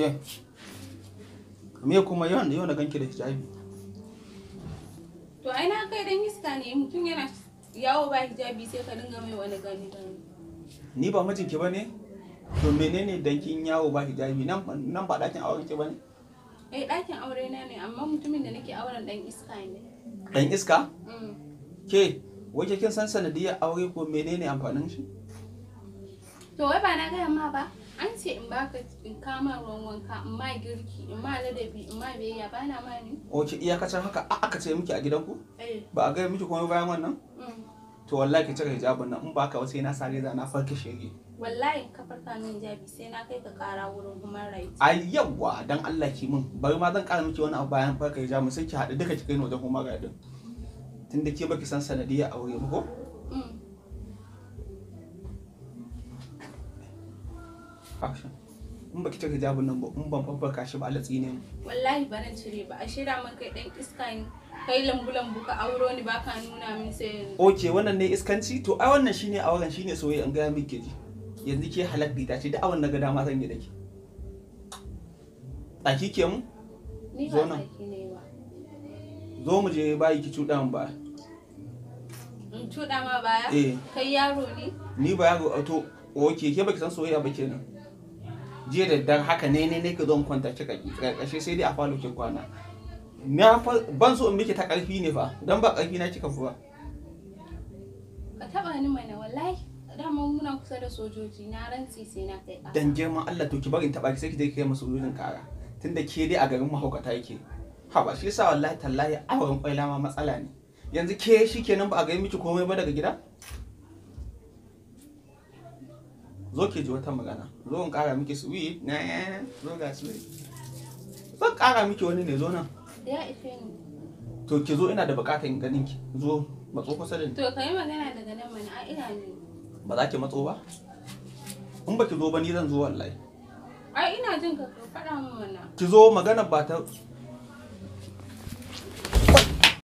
Ke, me kuma yawan da yawan da ganki da hijabi? To ai na kai dan iska ne mutum yana yawo ba hijabi sai ka dinga mai wani gani Ni ba mijinki ba ne? To menene dankin yawo ba hijabi nan ba dakin auren ki ba ne? Eh dakin aure na ne amma mutumin da nake auren dan iska ne. Dan iska? Mm. Ke, wace kin san sanadiyar aure ko menene amfanin shi? To wai ba na gaya ma ba. ce in baka in kama ruwan wanka in ma girki in ma ladabi in ma biyayya ba na ma ne iya iyakacin haka a aka ce miki a gidanku eh. ba a gaya miki komai bayan wannan mm. to wallahi ki cire hijabin nan in baka wasu yana sare za na farki shege wallahi ka farka min hijabi sai na kai ka kara wurin human rights ai yawwa dan Allah ki min bari ma zan kara miki wani abu bayan farka hijabin sai ki haɗu duka ki kai wajen human rights din tunda ke baki san sanadiyya a ba ko action in baki ta hijabin nan ba in ban babbaka shi ba Allah tsine mu wallahi ba nan cire ba a da man kai dan iska kai lambu lambu ka auro ni ba ka nuna min sai yanzu okay wannan ne iskanci to ai wannan shine auren shine soyayya an ga miki ji yanzu ke halakki ta ce da awan naga dama zan yi dake tsaki ke mu zo nan zo mu je bayi ki cuɗa min ba in cuɗa ma baya eh. kai yaro ne ni ba yaro to okay ke baki san soyayya ba kenan jiya da dan haka ne ne ne ka zo kwanta cika ƙarƙashe sai dai a falo ke kwana na ban so in miki ta ƙarfi ne fa dan ba ƙarfi na kika fi ba ka taba ni mana wallahi dama muna kusa da sojoji na rantsi sai na kai ƙara dan girman Allah to ki bari in taɓa ki sai ki je kai masu sojojin ƙara tunda ke dai a garin mahaukata yake ha ba shi yasa wallahi tallahi auren kwaila ma matsala ne yanzu ke shikenan ba a ga miki komai ba daga gida zo ki ji wata magana zo in kara miki suwi na zo ga suwi zan kara miki wani ne zo nan ya ife ni to ki zo ina da bukatan ganin ki zo matso kusa da ni to kai magana daga nan mana a ina ne ba za ki matso ba in ba ki zo ba ni zan zo wallahi ai ina jin ka faɗa min wannan ki zo magana ba ta